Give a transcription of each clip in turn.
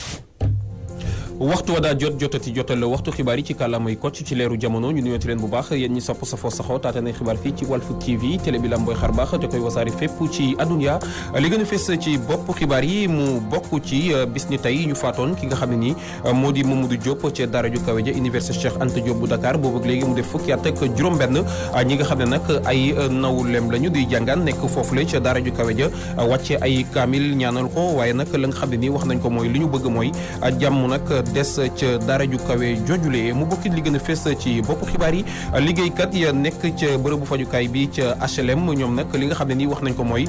foofu waxtu wa daa jot jotati jotal waxtu xibaar yi ci kàllaamay kocc ci leeru jamono ñu nuyooti leen bu baax yéen ñi sopp safoo saxoo taataanay xibaar fii ci Walf TV télé bi lambooy xar baax te koy wasaari ci adduna a fës ci bopp yi bokk ci uh, bis ni tey ñu faatoon ki nga xam ne nii uh, moo di Mamadou Diop ca daara ju kawe ja université Cheikh Anta Diop bu Dakar boobu ak léegi mu def fukki at ak juróom-benn uh, nga xam ne nag ay nawleem lañu di jàngaan nekk foofule ca daara ju kawe ja wàcce ay kaamil ñaanal ko waaye nag la nga xam ne nii wax nañ ko mooy li ñu bëgg mooy jàmm nag des ca dara ju kawe joojule mu bokkit li gën a fes ci bopp xibaar yi liggéeykat ya nekk ca bërëbu fajukaay bi ca HLM ñoom nag li nga xam ne nii wax nañ ko mooy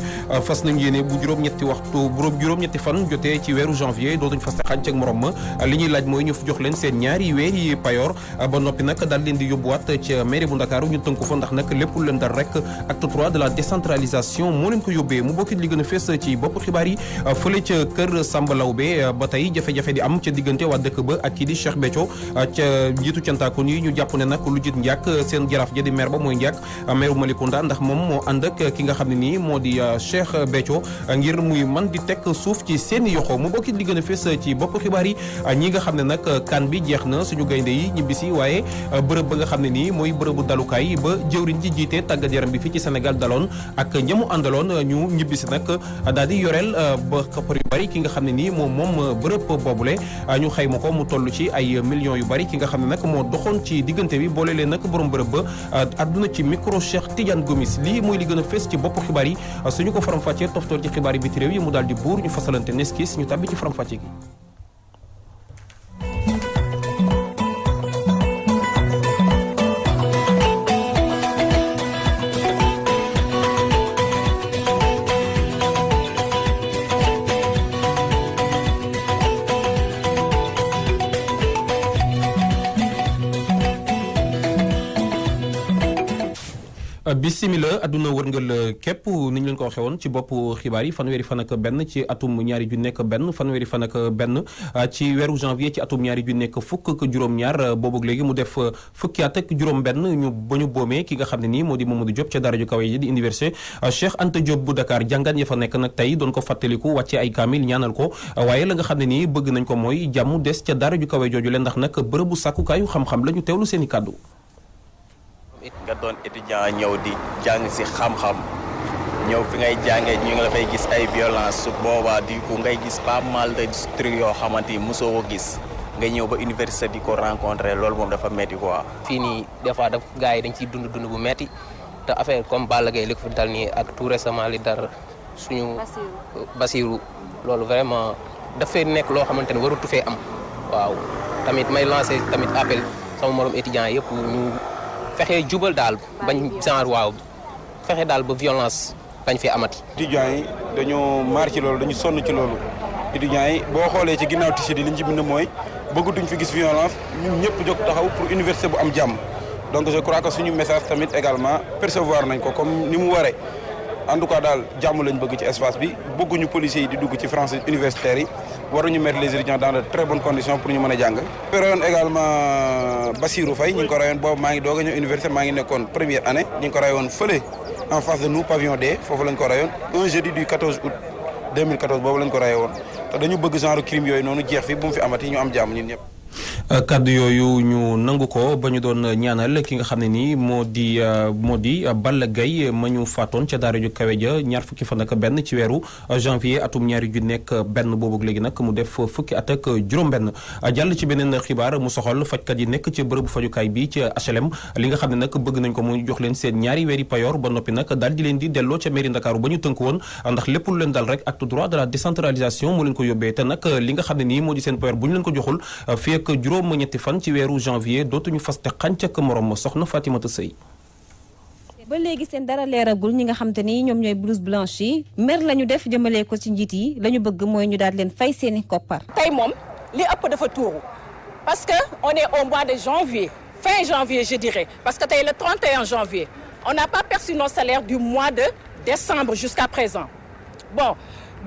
fas nañ yéene bu juróom-ñetti waxtu buróom juróom-ñetti fan jotee ci weeru janvier dootuñ fasta xànc ak morom ma ñuy laaj mooy ñu jox leen seen ñaari weer nag daal leen di yóbbuwaat ca mairie bu Ndakaaru ñu tënku fa ndax nag lépp leen dal rek acte 3 de la décentralisation moo leen ko yóbbee mu bokkit li gën a fes ci bopp xibaar yi fële ca kër Samba Lawbe ba tey jafe-jafe di am ca diggante waa dëkk ba ak kii di Cheikh Béthio ah, ca njiitu cantaakun yi ñu jàpp ne nag lu jit njàkk seen jaraaf ja di maire ba mooy njàkk ah, maire Malicounda ndax moom moo ànd ak ki nga xam ne nii moo di ah, Cheikh Béthio ngir muy man di teg suuf ci seen i mu bokki di gën a fës ci bopp xibaar yi ñi nga xam ne nag kan bi jeex na suñu gaynde yi ñibbisi waaye bërëb ba nga xam ne nii mooy bërëbu dalukaay ba jëwriñ ji jiite tàggat yaram bi fii ci Sénégal daloon ak ñamu àndaloon ñu ñibbisi nag daal di yoreel ba kappar ki nga xam ne nii moom moom bërëb boobule ñu xayma ko mu toll ci ay millions yu bari ki nga xam ne nag moo doxoon ci diggante bi boole leen nag borom bërëb ba ah, àdduna ci micro Cheikh Tidiane Gomis lii muy li gën a fës ci bopp xibaar yi ah, suñu ko faram-fàccee toftoor ci xibaar yi biti réew yi mu daal di buur ñu fasalante neskis ñu tàbbi ci faram gi bisimila adduna wërngal euh, képp ni ñu leen ko waxee woon ci bopp xibaar yi fanweeri fan ak benn ci atum ñaari ju nekk benn fanweeri fan ak benn euh, ci weeru janvier ci atum ñaari ju nekk fukk juróom-ñaar euh, boobu léegi mu def fukki ak juróom-benn ñu ba ñu boomee ki nga xam ne nii moo di Mamadou jot ca dara ju kawe yi di université Cheikh Anta bu Dakar jàngaan ya fa nekk nag tey doon ko fàttaliku wàcce ay kaamil ñaanal ko waaye la xam ne nii bëgg nañ ko mooy jàmm des ca daara ju kawe jooju leen ndax nag bërëbu sàkkukaayu xam-xam la ñu teewlu seen i kàddu nga doon étudiant ñëw di jàng si xam-xam ñëw fi ngay jàngee ñu ngi la fay gis ay violence boobaa du ngay gis pas mal de trucs yoo xamante ni mosoo ko gis nga ñëw ba université di ko loolu moom dafa metti quoi. fii nii des fois daf gars yi dañ ciy dund dund bu metti te affaire comme Balla Gaye li ko fi dal nii ak tout récemment li dara suñu. Basiru loolu vraiment dafay nekk loo xamante ne waratu fee am. waaw tamit may lancé tamit appel sama morom étudiant yëpp ñu. fexe jubal daal bañ genre waaw fexe daal ba violence bañ fi amati. étudiants yi dañoo maar ci loolu dañu sonn ci loolu étudiants yi boo xoolee ci ginnaaw t-shirt yi li ñu ci bind mooy bëggatuñ fi gis violence ñun ñëpp jóg taxaw pour université bu am jàmm donc je crois que suñu message tamit également percevoir nañ ko comme ni mu waree. en tout cas daal jàmm lañ bëgg ci espace bi bëgguñu policiers yi di dugg ci français universitaires yi waruñu mettre les étudiants dans de bonnes conditions pour ñu mën a jàng. ñu rayoon également euh, Bassirou Faye ñu ko rayoon boobu maa ngi doog a ñëw université maa ngi nekkoon première année ñu ngi ko rayoon fële en face de nous pavillon D foofu lañ ko rayoon un jeudi du 14 août 2014 boobu lañ ko rayoon te dañu bëgg genre crime yooyu noonu jeex fi bu mu fi amati ñu am ñëpp. kaddu yooyu ñu nangu ko ba ñu doon ñaanal ki nga xam ne nii moo di euh, moo di euh, Balla Gaye ma ñu faatoon ca daara ju kawe ja ñaar fukki fan ak benn ci weeru euh, janvier atum ñaari ju nekk benn boobu léegi nag mu def fukki at ak juróom-benn jàll ci beneen xibaar mu soxal fajkat yi nekk ca bërëbu fajukaay bi ci HLM li nga xam ne nag bëgg nañ ko mu jox leen seen ñaari weeri payoor ba noppi nag daal di leen di delloo ca meri Ndakaaru ba ñu tënk woon ndax lépp leen dal rek acte droit de la décentralisation moo leen ko yóbbee te nag li nga xam ne nii moo di seen payoor bu ñu ko joxul juróom ñetti fan ci weeru janvier dootuñu faste xàncak morom ma soxna Fatimata Sëy ba léegi seen dara leeragul ñi nga xam ni ñoom ñooy blouse blanche yi mer la ñu def jëmalee ko ci njiit yi la ñu bëgg mooy ñu daal leen fay seeni koppar. tey moom li ëpp dafa tuuru parce que on est au mois de janvier fin janvier je dirais parce que tey le janvier on n'a pas perçu nos salaires du mois de décembre jusqu'à présent bon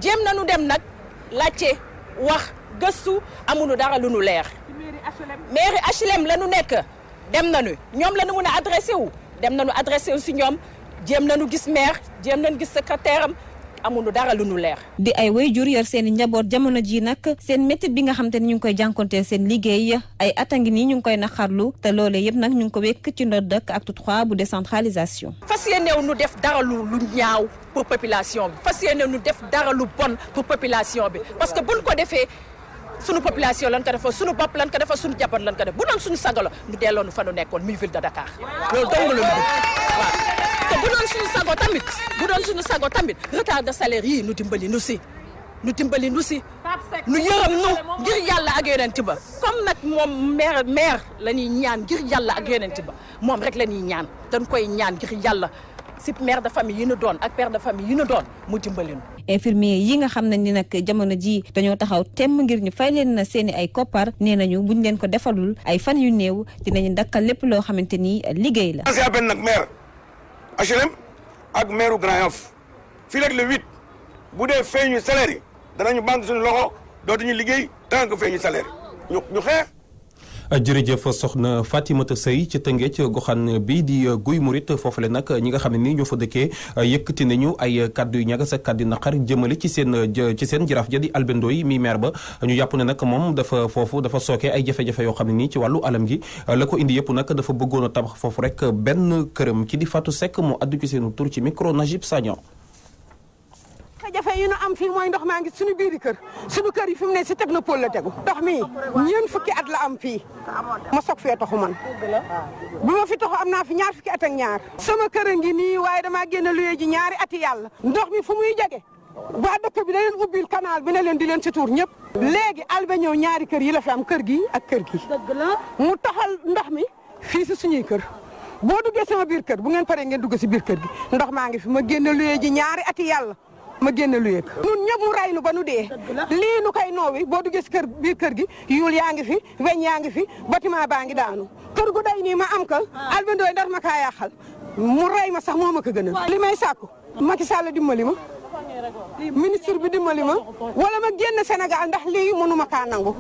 jéem nañu dem nag laajte wax gëstu amuñu mairie HLM la nu nekk dem nañu ñoom la nu mun a adressé wu dem nañu adressé wu si ñoom jéem nañu gis maire jéem nañu gis secrétaire am amuñu dara lu nu leer. di ay waajur yor seen i njaboot jamono ji nag seen métit bi nga xam te ni ñu ngi koy jànkonteel seen liggéey ay atangi nii ñu ngi koy naqarlu te loolee yëpp nag ñu ngi ko wekk ci ndodd ak acte trois bu décentralisation. fas yéeneew nu def dara lu ñaaw pour population bi fas yéeneew nu def dara population bi sunu population lan ko defal sunu bopp lan ko defal sunu jabar lan ko def bu doon suñu sagalo mu delloonu fa nu nekkoon muy ville de Dakar loolu tamit bu doon suñu sago tamit retard de salaire yii nu dimbali nu si nu dimbali nu si nu yërëm nu ngir yàlla ak yonent ba comme nag moom maire maire la ñuy ñaan ngir yàlla ak yonent ba moom rek la ñuy ñaan dañ koy ñaan ngir yàlla si mère de famille yi ñu doon ak père de famille yi ñu doon mu dimbalinu infirmier yi nga xam ne ni nag jamono ji dañoo taxaw temm ngir ñu fay leen na seen ay koppar nee nañu buñ leen ko defalul ay fan yu néew dinañu dakkal lépp loo xamante ni liggéey la. lancé appel nag maire HLM ak maire Grand Yoff fii rek le huit bu dee feeñu salaire yi ñu bànk suñu loxo dootuñu liggéey tant que feeñu salaire ñu xeex. jërëjëf soxna Fatimata Sey ci tëngeej goxaan bi di guy murit foofule nag ñi nga xam ne nii ñoo fa dëkkee yëkkati nañu ay kàddu yu ñagas ak kaddu naqar jëmale ci seen ci seen jaraaf ja di albendo yi mi maire ba ñu yàpp ne nag moom dafa foofu dafa sooke ay jafe-jafe yoo xam ne nii ci wàllu alam gi la ko indi yëpp nag dafa bëggoon a tabax foofu rek benn këram ki di Fatou Seck moo addu ci seenu tur ci micro Najib Sagnan jafe-jafe yi am fii mooy ndox maa ngi suñu biiri kër suñu kër yi fi mu ne si teg na technopole la tegu ndox mi ñeent fukki at la am fii ma soog fee taxu man bu ma fi taxu am naa fi ñaar fukki at ak ñaar sama kër a ngi nii waaye damaa génn luye ji ñaari ati yàlla ndox mi fu muy jege waa dëkk bi da leen ubbil bi ne leen di leen si tuur ñëpp léegi alba ñëw ñaari kër yi la fi am kër gi ak kër gi mu taxal ndox mi fii si suñuy kër boo duggee sama biir kër bu ngeen paree ngeen dugg si biir kër gi ndox maa ngi fi ma génn luye ji ñaari ati yàlla ma génn lu yëg nun ñëpp mu rey nu ba nu dee lii nu koy noowi boo duggee si kër bii kër gi yuul yaa ngi fi weñ yaa ngi fi bâtiment baa ngi daanu kër gu day nii ma am ka ah. albendooy ndar ma kaa yàqal mu rey ma sax moo ma ko gën a li may sàkku Macky Sall dimbali ma ministre bi dimbali ma wala ma génn senegal ndax lii mënu ma kaa nangu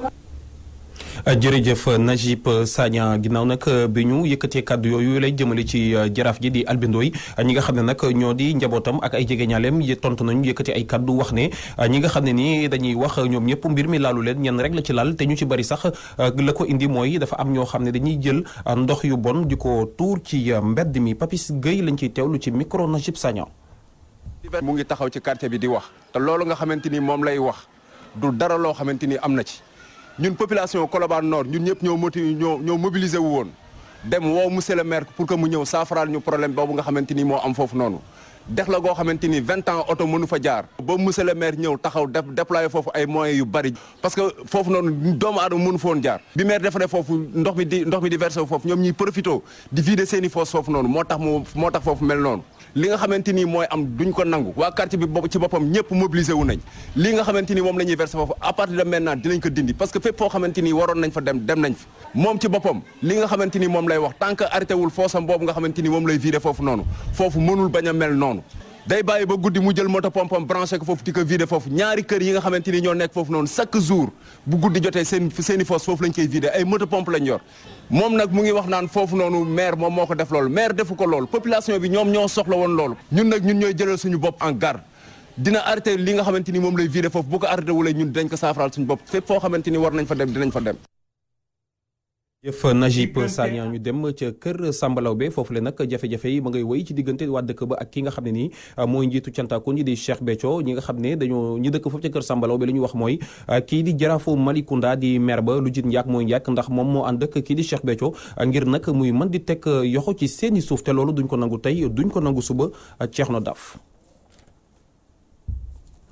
jërëjëf Najib Sagna ginnaaw nag bi ñu yëkkatee kàddu yooyu lay jëmale ci euh, jaraaf ji di albindooy ñi nga xam ne nag ñoo di njabootam ak ay jegeñaaleem tontu nañu yëkkati ay kàddu wax ne euh, ñi nga xam ne nii dañuy wax ñoom ñëpp mbir mi laalu leen ñenn rek la ci laal te ñu ci bari sax euh, la ko indi mooy dafa am ñoo xam ne dañuy jël ndox yu bon di ko tuur ci mbedd mi Papis Gueye lañ ciy teewlu ci micro Najib mu ngi taxaw ci quartier bi di wax te loolu nga xamante ni moom lay wax du dara loo xamante ni am na ci ñun population Colobane Nord ñun ñëpp ñoo moti ñoo ñoo mobilisé wu woon dem woo monsieur le maire pour que mu ñëw saafaraal ñu problème boobu nga xamante ni moo am foofu noonu dex la goo xamante ni vingt ans oto mënu fa jaar ba monsieur le maire ñëw taxaw def déployé foofu ay moyens yu bari parce que foofu noonu doomu aadama mënu foon jaar bi maire defaree foofu ndox mi di ndox mi di versé foofu ñoom ñuy profité di vider seen i foofu noonu moo tax mu moo tax foofu mel noonu li nga xamante ni mooy am duñ ko nangu waa quartier bi ci boppam ñëpp mobilisé wu nañ li nga xamante ni moom la ñuy versé foofu à partir de maintenant dinañ ko dindi parce que fépp foo xamante ni waroon nañ fa dem dem nañ fa moom ci boppam li nga xamante ni moom lay wax tant que arrêté wul foosam boobu nga xamante ni moom lay viré foofu noonu foofu mënul bañ a mel noonu day bàyyi ba guddi mu jël moto pompam branché ko foofu di ko vidé foofu ñaari kër yi nga xamante ni ñoo nekk foofu noonu chaque jour bu guddi jotee seen seen i fosse foofu lañ koy vidé ay moto pompe lañ yor moom nag mu ngi wax naan foofu noonu maire moom moo ko def loolu maire defu ko lool population bi ñoom ñoo soxla woon loolu ñun nag ñun ñooy jëlal suñu bopp en garde dina arrêté li nga xamante ni moom lay vidé foofu bu ko wu wala ñun dinañ ko suñu bopp fépp foo xamante ni war nañ fa dem dinañ fa dem jëf Najib Sagna ñu dem ca kër Sambalaw foofu le nag jafe-jafe yi ma ngay wéy ci diggante waa dëkk ba ak ki nga xam ne nii ah, mooy njiitu cantaakun yi di Cheikh Béthio ñi nga xam ne dañoo ñi dëkk foofu ca kër Sambalaw li ñu wax mooy ah, kii di jaraafu Malicounda di maire ba lu jit njaak mooy njaak ndax moom moo ànd ak kii di Cheikh Béthio ah, ngir nag muy man di teg yoxo ci seeni suuf te loolu duñ ko nangu tey duñ ko nangu suba Cheikhno Daf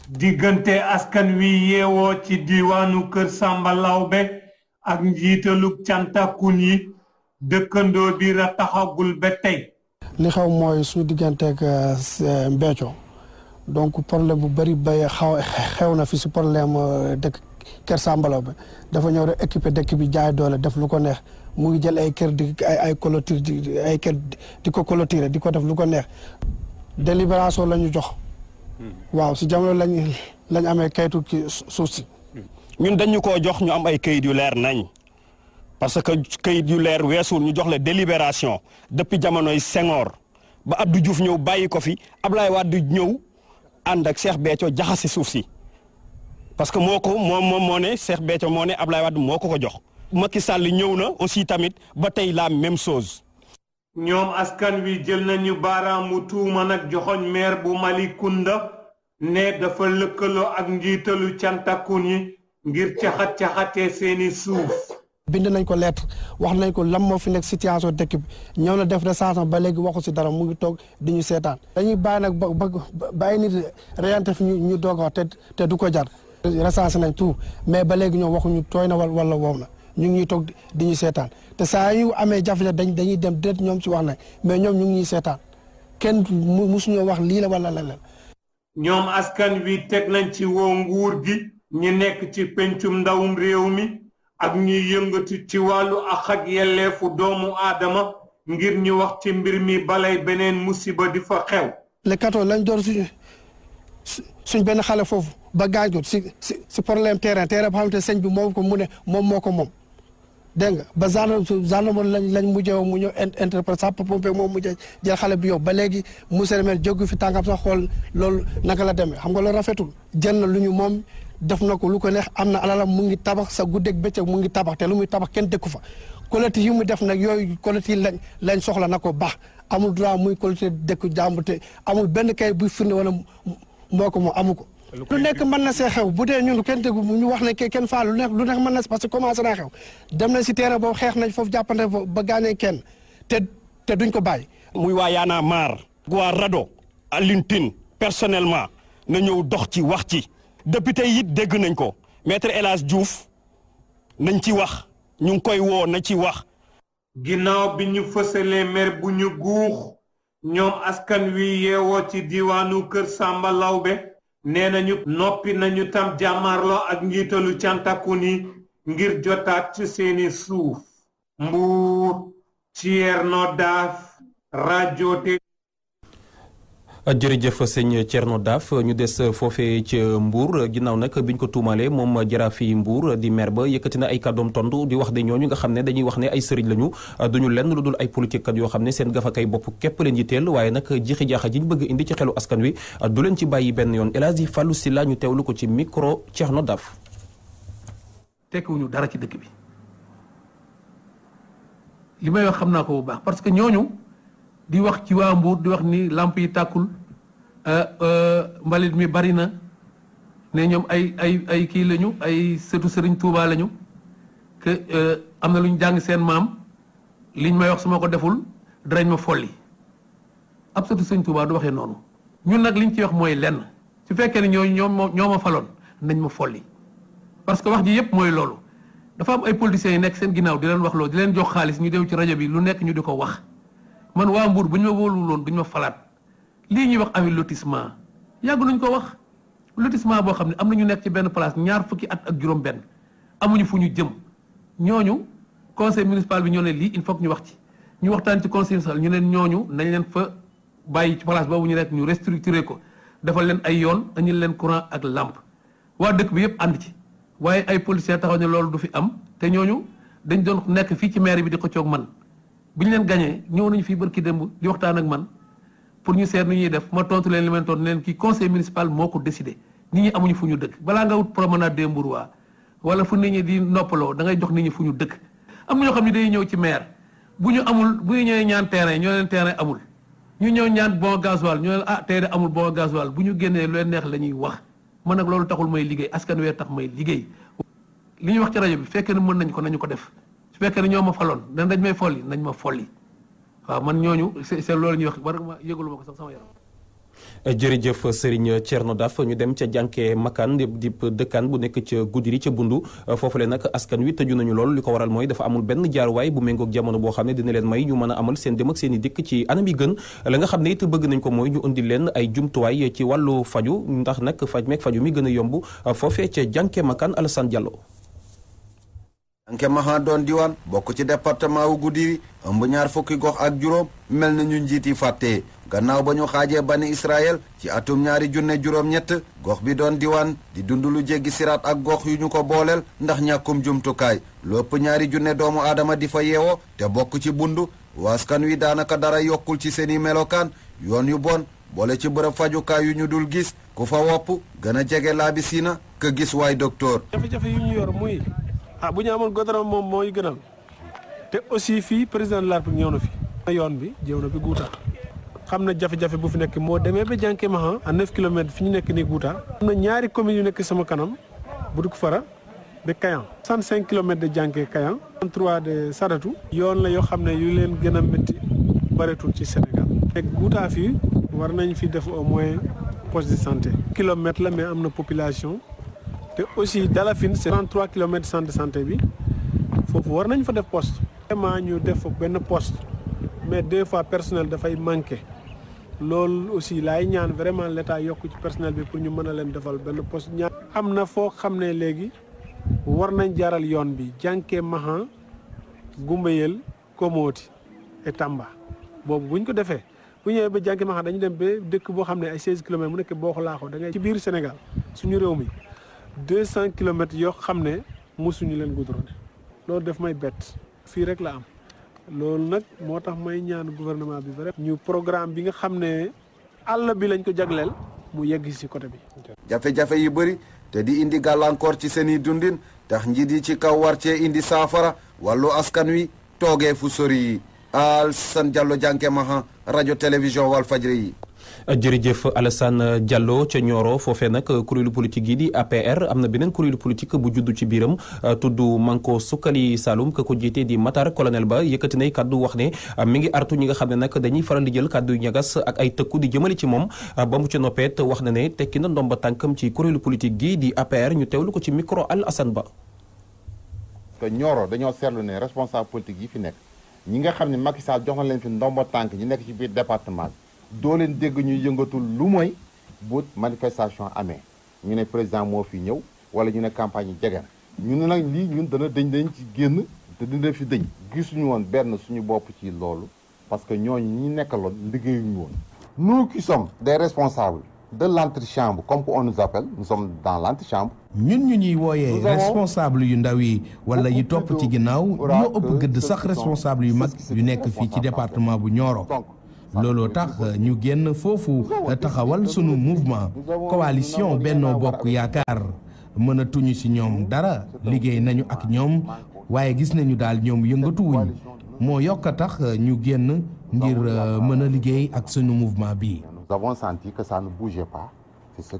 diggante askan wi yeewoo ci diiwaanu kër Sambalaw be ak njiitalug cantakun yi dëkkandoo a ra taxagul ba tey li xaw mooy su digganteeg euh, Mbecco donc problème bu bëri bay xaw xew na fi si problème euh, dëkk kër Sambalaw ba dafa ñëw rek équipé dëkk bi jaay doole def lu ko neex mu ngi jël ay kër di ay ay clôture di di ko clôturer di ko def lu ko neex délibération la ñu jox hmm. waaw si jamono lañ lañ amee kayitu ki suuf si ñun dañu ko jox ñu am ay kayit yu leer nañ parce que kayit yu leer weesu ñu jox la délibération depuis jamonoy Senghor ba Abdou Diouf ñëw bàyyi ko fi Ablaye Wade ñëw ànd ak Cheikh Béthio jaxase suuf si parce que moo ko moom moom moo ne Cheikh Béthio moo ne Ablaye Wade moo ko ko jox. Macky Sall ñëw na aussi tamit ba tey la même chose. ñoom askan wi jël nañu baaraamu tuuma nag joxoñ maire bu Malicounda ne dafa lëkkaloo ak njiitalu cantakun yi. ngir caxat caxatee seeni suuf. bind nañ ko lettre wax nañ ko lan moo fi nekk situation dëkk bi ñëw na def recensement ba léegi waxu si dara mu ngi toog di ñu seetaan. dañuy bàyyi nag ba ba bàyyi nit reyante ñu ñu doog a te du ko jar. recensé nañ tout mais ba léegi ñoom waxuñu tooy na wala wow na ñu ngi toog di ñu seetaan te saa yu amee jafe-jafe dañ dañuy dem déet ñoom ci wax nañ mais ñoom ñu ngi ñuy seetaan kenn mu musuñoo wax lii la wala leneen. ñoom askan wi teg nañ ci woo nguur gi. ñi nekk ci pencum ndaw réew mi ak ñuy yëngatu ci wàllu ak ak yelleefu doomu aadama ngir ñu wax ci mbir mi balay beneen musiba di fa xew. le 14 lañ door suñu suñ benn xale foofu ba gaañu si si si problème terrain terrain te xamante ne sëñ bi moom ko mu ne moom moo ko moom. dégg nga ba gendarme gendarme lañ lañ mujjee mu ñëw interprète sapeur pompier moom mujjee jël xale bi yow ba léegi monsieur le maire fi tàngam sax xool loolu naka la demee xam nga loolu rafetul jël na lu ñu moom. def na ko lu ko neex am na alalam mu ngi tabax sa gu guddeeg bëccëg mu ngi tabax te lu muy tabax kenn dëkku fa collecte yi mu def nag yooyu collecte yi lañ lañ soxla na ko baax amul droit muy collecte dëkku jàmbur amul benn kay buy firnde wala moo ko moo amu ko lu nekk mën na see xew bu dee ñun kenn dégg ñu wax ne kenn faa lu nekk lu nekk mën na parce que commencé naa xew dem nañ si terrain boobu xeex nañ foofu jàppante ba gaañee kenn te te duñ ko bàyyi muy waa Yaana Maar waa Rado Alioune Tine personnellement na ñëw dox ci wax ci député yi dégg nañ ko maître El Hadj Diouf nañ ci wax ñu ngi koy woo na ci wax. ginnaaw bi ñu fësalee maire bu ñu guux ñoom askan wi yeewoo ci diwaanu Kër Samba Lawbe nee nañu noppi nañu tam jàmmaarloo ak njiitalu cantakun yi ngir jotaat ci seeni suuf. Mbuur Thierno Daaf rajo jërëjëf sëñ Thierno Daaf ñu des foofee ca Mbour ginnaaw nag biñ ko tuumalee moom jaraaf fi mbuur di maire ba yëkkati na ay kàddoom tontu di wax de ñooñu nga xam ne dañuy wax ne ay sëriñ lañu duñu lenn lu dul ay politique kat yoo xam ne seen gafakay bopp képp leen yitteel waaye nag jixi jaaxa ji ñu bëgg indi ci xelu askan wi du leen ci bàyyi benn yoon El Hadji Fallou Sylla ñu teewlu ko ci micro Thierno Daaf. tekkiwuñu dara ci dëkk bi li may wax xam naa ko bu baax parce que ñooñu. di wax ci waa Mbour di wax ni làmp yi tàkkul euh, euh, mbalit mi bari na ne ñoom ay ay ay kii lañu ay sëtu sëriñ Touba lañu que euh, am na lu ñu jàng seen maam li ñu may wax su ma ko deful darañ ma folli ab sëtu sëriñ Touba du waxee noonu ñun nag li ñu ci wax mooy lenn su fekkee ne ñoo ñoo ma ñoo ma faloon nañ ma folli parce que wax ji yëpp mooy loolu dafa am ay politiciens yi nekk seen ginnaaw di leen wax loolu di leen jox xaalis ñu dew ci rajo bi lu nekk ñu di ko wax. man waa Mbour bu ñu ma wóoluwul woon du ñu ma falaat lii ñuy wax ami lotissement yàgg nañ ko wax lotissement boo xam ne am na ñu nekk ci benn place ñaar fukki at ak juróom-benn amuñu fu ñu jëm ñooñu conseil municipal bi ñoo ne lii il faut ñu wax ci ñu waxtaan ci conseil municipal ñu neen ñooñu nañ leen fa bàyyi ci place boobu ñu nekk ñu restructuré ko defal leen ay yoon añil leen courant ak làmp waa dëkk bi yëpp ànd ci waaye ay policiers taxaw ne loolu du fi am te ñooñu dañ doon nekk fii ci maire bi di ko coog man bu ñu leen gañee ñëw nañu fii barki démb di waxtaan ak man pour ñu seet nu ñuy def ma tontu leen li ma tontu kii conseil municipal moo décidé nit ñi amuñu fu ñu dëkk balaa nga wut promenade des Mbourwa wala fu nit ñi di noppaloo da jox nit ñi fu ñu dëkk. am ñoo xam ne day ñëw ci maire bu ñu amul bu ñu ñëwee ñaan terrain ñoo leen terrain amul ñu ñëw ñaan bon gasoil ñoo leen ah tey de amul bon gasoil bu ñu génnee lu leen neex la ñuy wax man nag loolu taxul may liggéey askan wee tax may liggéey. li ñu wax ci rajo bi fekkee na mën nañ ko nañu ko def su fekkee ne ñoo ma faloon nan dañ may folli nañ ma folli waaw man ñooñu c'est loolu ñuy wax war ma yëgalu ko sax sama yaram. jërëjëf Serigne Thierno Daf ñu dem ca jànke makaan di dëkkaan bu nekk ca Goudiri ca Bundu foofule nag askan wi tëju nañu lool li ko waral mooy dafa amul benn jaaruwaay bu méngoog jamono boo xam ne dina leen may ñu mën a amal seen dem seeni seen dikk ci anam yi gën la nga xam ne it bëgg nañ ko mooy ñu indi leen ay jumtuwaay ci wàllu faju ndax nag faj meeg faju mi gën a yomb foofee ca jànke makaan Alassane Diallo Danke Mahane doon diwaan bokk ci département wu Goudiry ëmb ñaar fukki gox ak juróom mel na ñu njiit yi fàttee gannaaw ba ñu xaajee bani Israël ci atum ñaari junne juróom gox bi doon diwaan di dund lu jéggi siraat ak gox yu ñu ko booleel ndax ñàkkum jumtukaay lépp ñaari junne doomu aadama di fa yeewoo te bokk ci bundu waaskan wi daanaka dara yokkul ci seeni melokaan yoon yu bon boole ci bërëb fajukaay yu ñu dul gis ku fa wopp gën a jege laabi na ka gis waay docteur ah bu ñu amoon goudron moom mooy gënal te aussi fii président de la République ñëw na fi. yoon bi jëw na bi guuta xam na jafe-jafe bu fi nekk moo demee ba jànkee mahan à 9 fi ñu nekk nii Gouta. am na ñaari communes yu nekk sama kanam Buduk Fara de Kayan. 65 kilomètres de jànkee Kayan. 33 de Sadatou. yoon la yoo xam ne yu leen gën a métti bareetul ci Sénégal. nekk Gouta fii war nañ fi def au moins poste de santé. kilomètre la mais am na population. te aussi Dalafine c'est 33 kilomètres centre de santé bi foofu war nañ fa def poste vraiment ñu def fa benn poste mais des fois personnel dafay manqué loolu aussi laay ñaan vraiment l'état yokk ci personnel bi pour ñu mën a leen defal benn poste ñaan am na foo xam ne léegi war nañ jaaral yoon bi jànkee mahan gumbayel komooti et Tamba boobu buñ ko defee bu ñëwee ba jànkee mahan dañu dem ba dëkk boo xam ne ay 16 kilomètres mu nekk boo xolaa ko da ngay ci biir Sénégal suñu réew mi deux cent kilomètres yoo xam ne mosuñu leen goudronné loolu def may bett fii rek la am loolu nag moo tax may ñaan gouvernement bi vrai ñu programme bi nga xam ne àll bi lañ ko jagleel mu yegg si côté bi jafe-jafe yu bëri te di indi gàllankoor ci seen i dundin tax njiit yi ci kaw war cee indi saafara wàllu askan wi toogee fu sori yi Alassane Diallo Dianké Mahan rajo télévision Walfadjri yi jërëjëf Alassane Diallo ca ñooro foofee nag kuréelu politique yi di APR am na beneen kuréelu politique bu juddu ci biiram tudd Manko Sukkali saalum ka ko jiite di Matar colonel ba yëkkati nay kaddu wax ne mi ngi artu ñi nga xam ne nag dañuy faral di jël kaddu yu ñagas ak ay tëkku di jëmale ci moom ba mu ca te wax na ne tekki na ndomba tànkam ci kuréelu politique gi di APR ñu teewlu ko ci micro Al Assane Ba. te ñooro dañoo seetlu ne responsable politique yi fi nekk ñi nga xam ne Macky Sall jox na leen fi ndomba tànk nekk ci biir département doo leen dégg ñuy yëngatul lu mooy bu manifestation amee ñu ne président moo fi ñëw wala ñu ne campagne yi jege ñu ne nag lii ñun dana dëñ dañ ci génn te dina fi dëñ gisuñu woon benn suñu bopp ci loolu parce que ñooñu ñi nekkaloon liggéeyuñu woon nous qui sommes des responsables de l'antichambre comme on nous appelle som sommes dans l'antichambre ñun ñu ñuy wooyee responsable yu ndaw yi wala yu topp ci ginnaaw ñoo ëpp gëdd sax responsable yu mag yu nekk fii ci département bu Nioro looloo tax ñu génn foofu taxawal sunu mouvement coalition Benno Bokk Yaakaar mënatuñu ci ñoom dara liggéey nañu ak ñoom waaye gis nañu daal ñoom yëngatuwuñ moo yokk a tax ñu génn ngir euh, mën a liggéey ak sunu mouvement bi. Nous avons senti que ça ne bougeait pas. C'est ce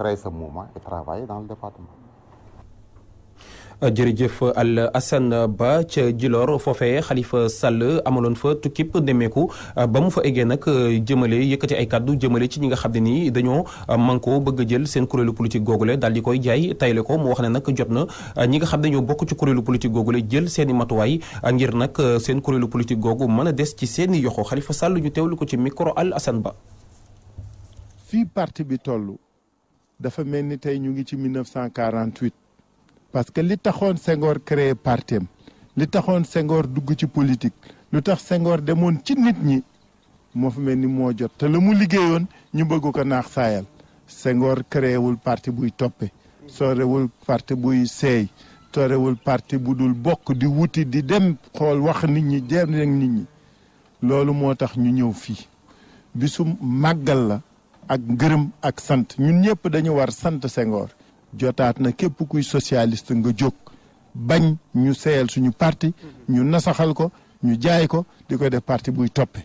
a jërëjëf Al assan Ba ca Djilor foofee Khalifa Sall amaloon fa tukkib demeeku ba mu fa eggee nag jëmale yëkkati ay kàddu jëmale ci ñi nga xam ne nii dañoo mànkoo bëgg a jël seen kuréelu politique googule daal di koy jaay tayle ko mu wax ne nag jot na ñi nga xam ne ñoo bokk ci kuréelu googu googule jël seeni matuwaay ngir nag seen kuréelu politique googu mën a des ci seen i yoxo Khalifa Sall ñu teewlu ko ci micro Al Assane Ba. fii parti bi toll dafa mel ni tey ñu ngi ci 1948. parce que li taxoon sengoor créé parteem li taxoon sengoor dugg ci politique lu tax sengoor demoon ci nit ñi moo fi mel ni moo jot te la mu liggéeyoon ñu bëgg ko naax saayal sengoor créé wul parti buy toppe soorewul parte buy seey soorewul parti bu dul bokk di wuti di dem xool wax nit ñi jeem rek nit ñi loolu moo tax ñu ñëw fii bisu màggal la ak ngërëm ak sant ñun ñëpp dañu war sant sengoor jotaat na képp kuy socialiste nga jóg bañ ñu seyal suñu parti ñu nasaxal ko ñu jaay ko di ko def parti buy toppe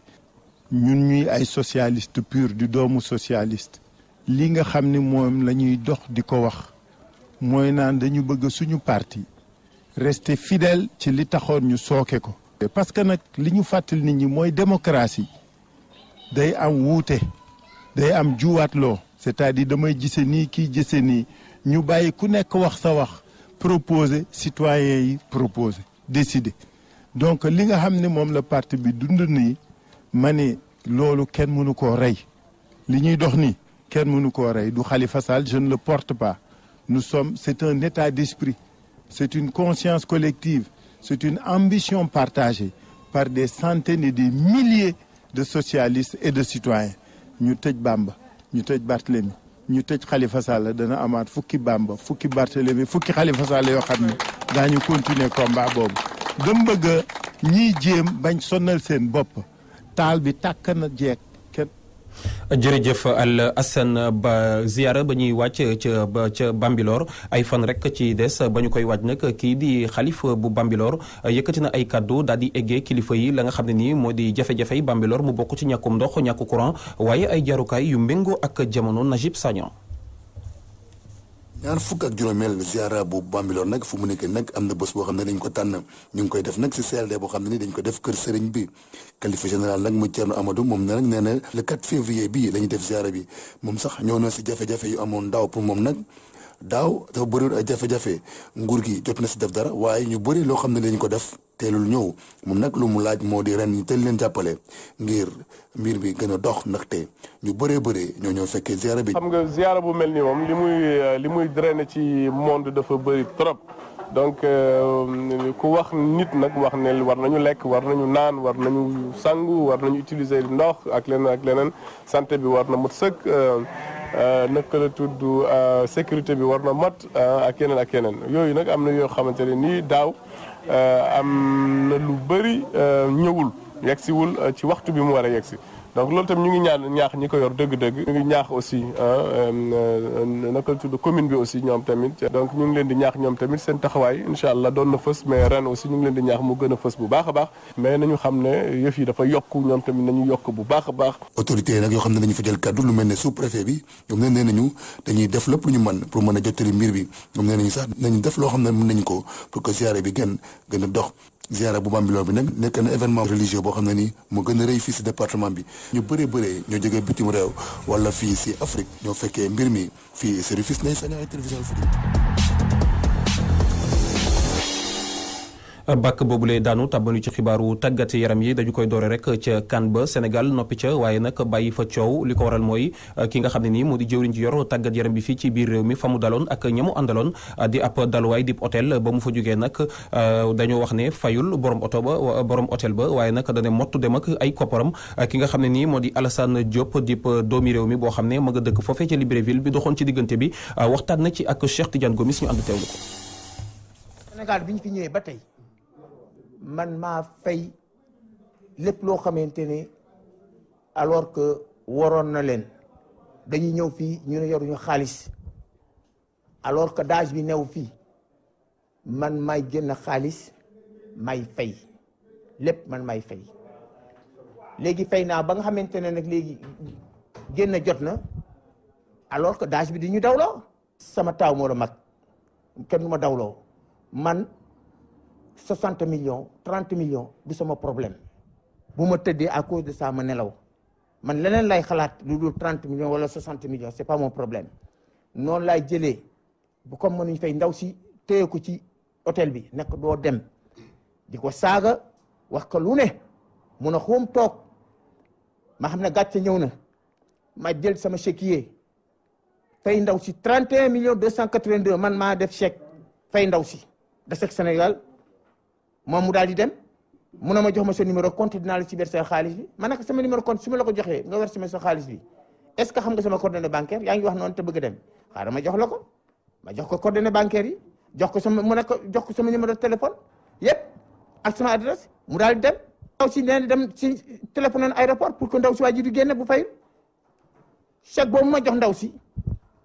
ñun ñuy ay socialiste pur di doomu socialiste li nga xam ni moom la ñuy dox di ko wax mooy naan dañu bëgg suñu parti rester fidèle ci li taxoon ñu sooke ko parce que nag li ñu fàttali nit ñi mooy démocratie day am wuute day am juwaatloo cest à damay gise nii kii jëse nii ñu bàyyi ku nekk wax sa wax propose citoyens yi proposer décider donc li nga xam ne moom la parti bi dund nii ma ni loolu kenn mënu ko rey li ñuy dox nii kenn mënu ko rey du Khalifa Sall je le porte pas nous sommes c'est un état d'esprit c'est une conscience collective c'est une ambition partagée par des centaines et des milliers de socialistes et de citoyens ñu tëj Bamba ñu tëj Barthélemy ñu tëj xalifa Sall dana amaat fukki Bamba fukki Barthélemy fukki Khalifa Sall yoo xam ne daañu continuer combat boobu gëm bëgg ñiy jéem bañ sonnal seen bopp taal bi tàkk na jeeg jërëjëf Al Assane ba ziara ba ñuy wàcc ca ba ca Bambilor ay fan rek ci des bañu koy wàcc nag kii di xalif bu Bambilor yëkkati na ay kaddu daal di eggee kilifa yi la nga xam ne nii moo di jafe-jafey Bambilor mu bokk ci ñàkkum ndox ñàkku courant waaye ay jarukaay yu méngoo ak jamono Najib Sagnon ñaar fukk ak juróomeel ziara bu Bambilor nag fu mu nekk nag am na bés boo xam ne dañ ko tànn ñu ngi koy def nag si CLD boo xam ne ni dañ ko def kër sëriñ bi xalifa général nag mu Thierno Amadou moom ne nag nee na le 4 bi la def ziara bi moom sax ñëw na si jafe-jafe yu amoon daaw pour moom nag daaw dafa bëriwul ay jafe-jafe nguur gi jot na si def dara waaye ñu bëri loo xam ne dañ ko def teelul ñëw mun nag lu mu laaj moo di ren ñu teel leen jàppale ngir mbir bi gën a dox ndaxte ñu bëree bëree ñoo ñëw fekkee ziara bi. xam nga ziara bu mel nii moom li muy li muy drainer ci monde dafa bëri trop donc euh, ku wax nit nag wax ne war nañu lekk war nañu naan war nañu sangu war nañu utiliser ndox ak leneen ak leneen santé bi war na mot sëkk. Euh, euh, naka la tudd sécurité bi war na mat ak yeneen ak yeneen yooyu nag am na yoo xamante ne nii daaw. Euh, am na lu bëri euh, ñëwul yegsiwul euh, ci waxtu bi mu war a yegsi donc loolu tam ñu ngi ñaan ñaax ñi ko yor dëgg-dëgg ñu ngi ñaax aussi ah, naka tudd commune bi aussi ñoom tamit donc ñu ngi leen di ñaax ñoom tamit seen taxawaay incha allah doon na fës mais ren aussi ñu ngi leen di ñaax moo gën a fës bu baax a baax mais nañu xam ne yëf yi dafa yokk ñoom tamit nañu yokk bu baax a baax autorité nag yoo xam ne dañu fa jël kàddu lu mel ne sous préfet bi ñoom ne nee nañu dañuy def lépp lu ñu mën a jottali bi ñoom nee nañu def loo xam ne mën nañu ko pour que ziare bi gën gën a dox ziara bu Bambilor bi nag nekk na événement religieux boo xam ne ni mu gën a rëy fii si département bi ñu bëree bëree ñoo jógee bitim réew wala fii si Afrique ñoo fekkee mbir mi fii si Rufisque nay sañoo ay télévision Afrique bàkk boobu lay daanu tàbbanu ci xibaaru tàggat yaram yi dañu koy doore rek ca kan ba Sénégal noppi ca waaye nag bàyyi fa coow li ko waral mooy euh, ki nga xam ne nii moo di jëwriñ ji yoroo tàggat yaram bi fii ci biir réew mi fa mu daloon ak ñamu àndaloon euh, di ab daluwaay di hôtel ba mu fa jógee nag euh, dañoo wax ne fayul borom oto ba borom hôtel ba waaye nag dana mott dem ak ay kopparam ki nga xam ne nii moo di Alassane Diop di doomi réew mi boo xam ne ma nga dëkk foofee ca Libreville bi doxoon ci diggante bi waxtaan na ci ak Cheikh Tidiane Gomis ñu ànd man maa fay lépp loo xamante ne alors que waroon na leen dañuy ñëw fii ñu ne yoruñu xaalis alors que daaj bi new fii man may génn xaalis may fay lépp man may fay léegi fay naa ba nga xamante ne nag léegi génn jot na alors que daaj bi di ñu dawloo sama taaw moo la mag kenn ma dawloo man 60 million 30 million bu sama problème bu ma tëddee à cause de ça ma nelaw man leneen lay xalaat lu dul 30 millions wala 60 millions c'est pas mon problème noonu laay jëlee bu comme mënuñ fay ndaw si téye ko ci hôtel bi nekk doo dem di ko saaga wax ko lu ne mun a xuum toog ma xam ne gàcce ñëw na ma jël sama chéquier fay ndaw si million 31 millions 282 man maa def chèque fay ndaw si da seg Sénégal moom mu daal di dem mun ne ma jox ma sa numéro compte dinaa la ci ber sa xaalis bi ma nag sama numéro compte su ma la ko joxee nga wer sama sa xaalis bi est ce que xam nga sama coordonnée bancaire yaa ngi wax noonu te bëgg a dem xaaral ma jox la ko ma jox ko coordonnée bancaire yi jox ko sama mu ne ko jox ko sama numéro téléphone yëpp ak sama adresse mu daal di dem ndaw si nee dem si téléphone oon aéroport pour que ndaw si waa ji du génne bu fayul chèque boobu ma jox ndaw si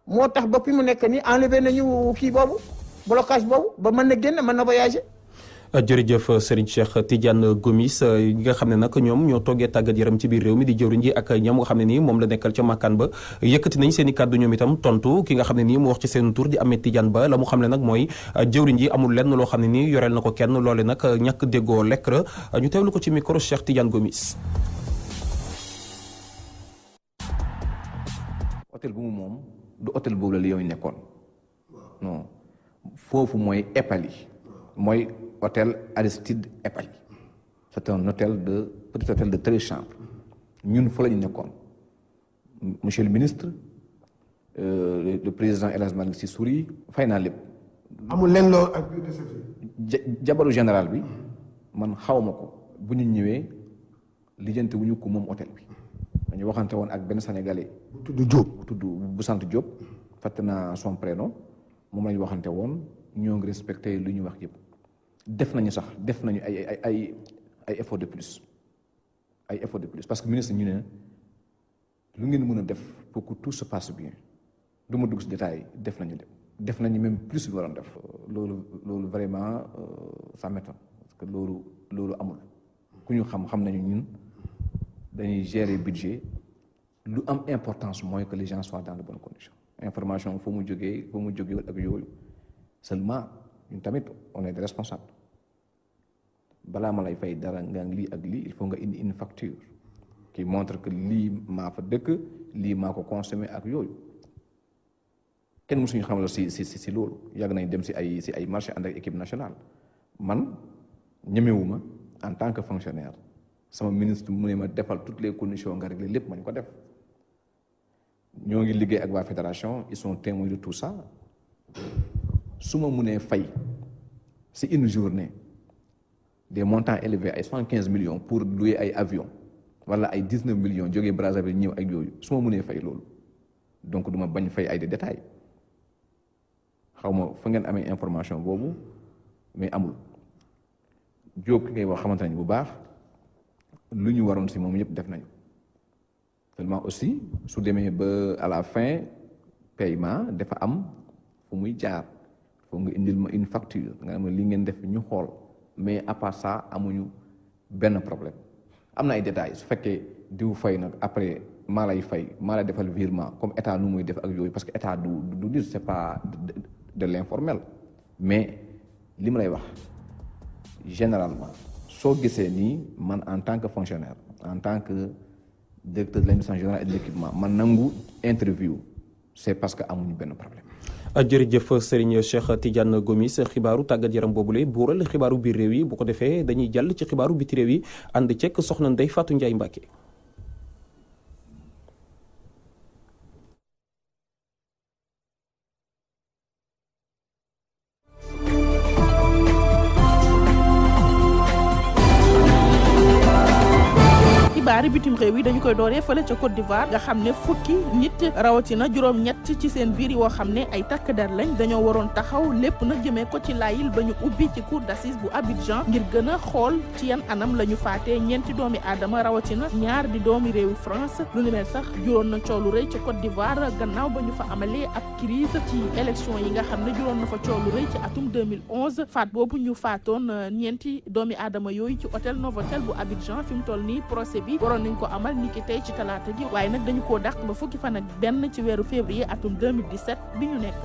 moo tax ba fi mu nekk nii enlevé nañu kii boobu blocage boobu ba mën na génn mën na voyager jërëjëf Serigne Cheikh Tidiane Gomis ñi euh, nga xam ne nag ñoom ñoo toggee tàggat yaram ci biir réew mi di jëwriñ ji ak ñam nga xam ne ni moom la nekkal ca màkkaan ba yëkkati nañ seen kàddu ñoom itam tontu ki nga xam ne ni mu wax ci seen tur di Ahmed Tidiane Ba la mu xam ne nag mooy euh, jëwriñ ji amul lenn loo xam ne nii yoreel na ko kenn loole nag ñàkk déggoo lekk ñu teewlu ko ci micro Cheikh Tidiane Gomis hôtel moom du hôtel boobu la li yow mooy épali hôtel Aristide Epali c'est hôtel de petit de treize chambres ñun fa lañu ñu nekkoon monsieur le ministre euh, le président El Hadj Malick Sy fay naa lépp. amul lenn loo ak jabaru général bi man xawma ko bu ñu ñëwee lijjante wu ñu ko moom hôtel bi dañu waxante woon ak benn sénégalais. bu tudd Diop bu tudd bu sant Diop fàtte naa son prénom moom la waxante woon ñoo ngi respecté lu ñu wax yëpp. def nañu sax def nañu ay ay ay ay effort de plus ay effort de plus parce que ministre ñu ne lu ngeen mën a def pour que tout se passe bien du ma dugg si détails def nañu dem def nañu même plus lu waroon def. loolu loolu vraiment euh, ça m'étonne parce que loolu loolu amul ku ñu xam xam nañu ñun dañuy gérer budget lu am importance mooy que les gens soient dans de bonnes information foo mu jógee foo mu jógee ak yooyu seulement ñu tamit on est des balaa ma lay fay dara nga lii ak lii il faut nga indi une facture qui montre que lii maa fa dëkk lii maa ko consommé ak yooyu kenn mësuñu xamal si si si loolu yàgg nañ dem si ay si ay marché ànd ak équipe nationale man ñemewuma en tant que fonctionnaire sama ministre mu ne ma defal toutes les conditions nga réglé lépp mañ ko def ñoo ngi liggéey ak waa fédération ils sont témoins de tout ça su ma mënee fay si une journée des montants élevés ay cent quinze millions pour louer ay avion wala ay dix neuf millions jógee Brazzaville ñëw ak yooyu su ma mënee fay loolu donc du ma bañ fay ay de détails xaw ma fa ngeen amee information boobu mais amul jóg ngay wax xamante nañ bu baax lu ñu waroon si moom yëpp def nañu seulement aussi su demee ba à fin paiement dafa am fu muy jaar foo nga indil ma une facture nga ne ma li ngeen def ñu xool mais à part ça amuñu benn problème am na ay détails su fekkee diw fay nag après maa lay fay maa lay defal virement comme état nu muy def ak yooyu parce que état du du du c'est pas de l'informel mais li ma lay wax généralement soo gisee nii man en tant que fonctionnaire en tant que directeur de l'administration générale et de l'équipement man nangu interview c'est parce que amuñu benn problème jërëjëf Serigne Cheikh Tidiane Gomis xibaaru tàggat yaram boobule buural xibaaru biir réew yi bu ko defee dañuy jàll ci xibaaru biti réew yi ànd cekk soxna Ndeye Fatou Ndiaye Mbacke. réew yi dañu koy dooree fële ca Côte d'Ivoire nga xam ne fukki nit rawatina juróom-ñett ci seen biir yoo xam ne ay takk der lañ dañoo waroon taxaw lépp na jëmee ko ci laayil ba ñu ubbi ci cour d'assises bu Abidjan ngir gën a xool ci yan anam la ñu faatee ñeenti doomi aadama rawatina ñaar di doomi réew France lu ni mel sax juróon na coolu rëy ci Côte d'Ivoire gannaaw ba ñu fa amalee ab crise ci élection yi nga xam ne juróon na fa coolu rëy ci atum 2011 faat boobu ñu faatoon ñeenti doomi aadama yooyu ci hôtel Novotel bu Abidjan fi mu toll nii procès bi waroon nañ ko ko amal niki tey ci talaata ji waaye nag dañu koo dàq ba fukki fan ak benn ci weeru février atum 2017 bi ñu nekk.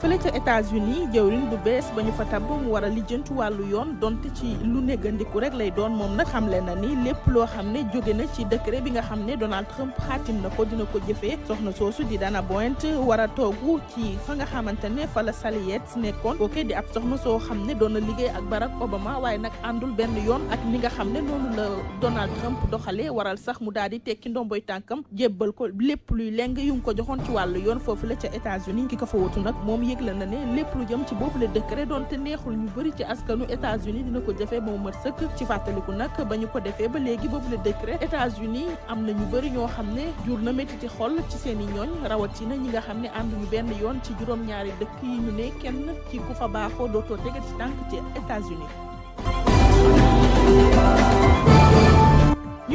fële ca États-Unis jëwriñ bu bees ba ñu fa tabb mu war a lijjanti wàllu yoon donte ci lu neggandiku rek lay doon moom nag xamle na ni lépp loo xam ne jóge na ci décret bi nga xam ne Donald Trump xaatim na ko dina ko jëfee soxna soo su di Dana Boent war a toogu ci fa nga xamante ne fa la Sally Yates nekkoon kooke di ab soxna soo xam ne doon na liggéey ak Barack Obama waaye nag àndul benn yoon ak ni xam ne noonu la Donald Trump doxalee waral sax mu daal di tekki ndomboy tànkam jébbal ko lépp luy leng yu ko joxoon ci wàllu yoon foofu la ca états ko fa nag moom yëgle na ne lépp lu jëm ci boobu le décret doonte neexul ñu bëri ci askanu États-Unis dina ko jafee ba mu mat sëkk ci fàttaliku nag ba ñu ko defee ba léegi boobu le décret États-Unis am na ñu bëri ñoo xam ne jur na métti ci xol ci seen i ñooñ rawatina ñi nga xam ne ànd ñu benn yoon ci juróom-ñaari dëkk yi ñu ne kenn ci ku fa baaxoo dootoo tegat ci tànk ci États-Unis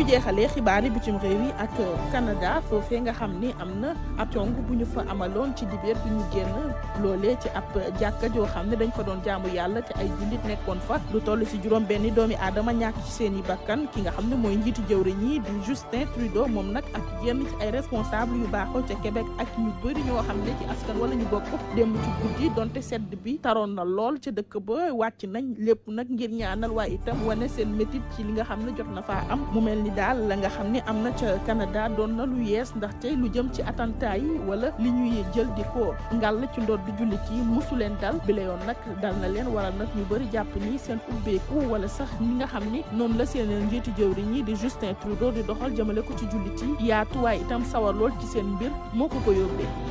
ñu jeexalee xibaari bitim réew yi ak Canada foofee nga xam ni am na ab cong bu ñu fa amaloon ci dibéer bi ñu génn loolee ci ab jàkka joo xam ne dañ fa doon jaamu yàlla ci ay nekkoon fa lu toll ci juróom benni doomi aadama ñàkk ci seen i bakkan ki nga xam ne mooy njiiti jëwriñ yi di Justin Trudeau moom nag ak yenn ci ay responsable yu baaxoo ca Québec ak ñu bëri ñoo xam ne ci askan wala ñu bokk démb ci guddi donte sedd bi taroon na lool ca dëkk ba wàcc nañ lépp nag ngir ñaanal waaye itam wane seen métit ci li nga xam ne jot na faa am mu mel ni daal la nga xam ni am na ca Canada doon na lu yees ndaxte lu jëm ci attentat yi wala li ñuy jël di ko ngàll ci ndoor di jullit yi musu leen dal bi la yoon nag dal na leen wala nag ñu bëri jàpp ni seen ubbeeku wala sax ñi nga xam ni noonu la seen njiiti jëwriñ yi di Justin Trudeau di doxal jëmale ko ci jullit yi yaatuwaay itam sawar lool ci seen mbir moo ko ko yóbbee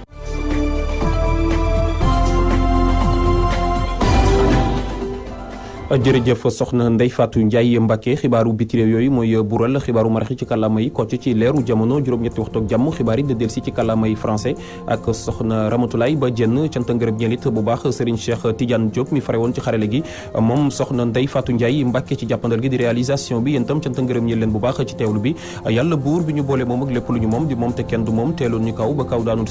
jërëjëf soxna Ndeye Fatou Ndiaye Mbacke xibaaru biti réew yooyu mooy bural xibaaru maraxi ci kàllaama yi kocc ci leeru jamono juróom-ñetti waxtu ak jàmm xibaar yi dëddeel si ci kàllaama yi français ak soxna Ramatoulaye Ba Dieng canta ngërëb ñelit bu baax Serigne Cheikh Tidiane Diop mi fare woon ci xarale gi moom soxna Ndeye Fatou Ndiaye Mbacke ci jàppandal gi di réalisation bi yéen itam canta ngërëb ñeel leen bu baax ci teewlu bi yàlla buur bi ñu boole moom ak lépp lu ñu moom di moom te kenn du moom teeloon ñu kaw ba kaw daanul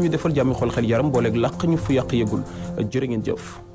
ñu defal jàmmi xol xel yaram booleeg làq ñu fu yàq yëgul jërë ngeen jëf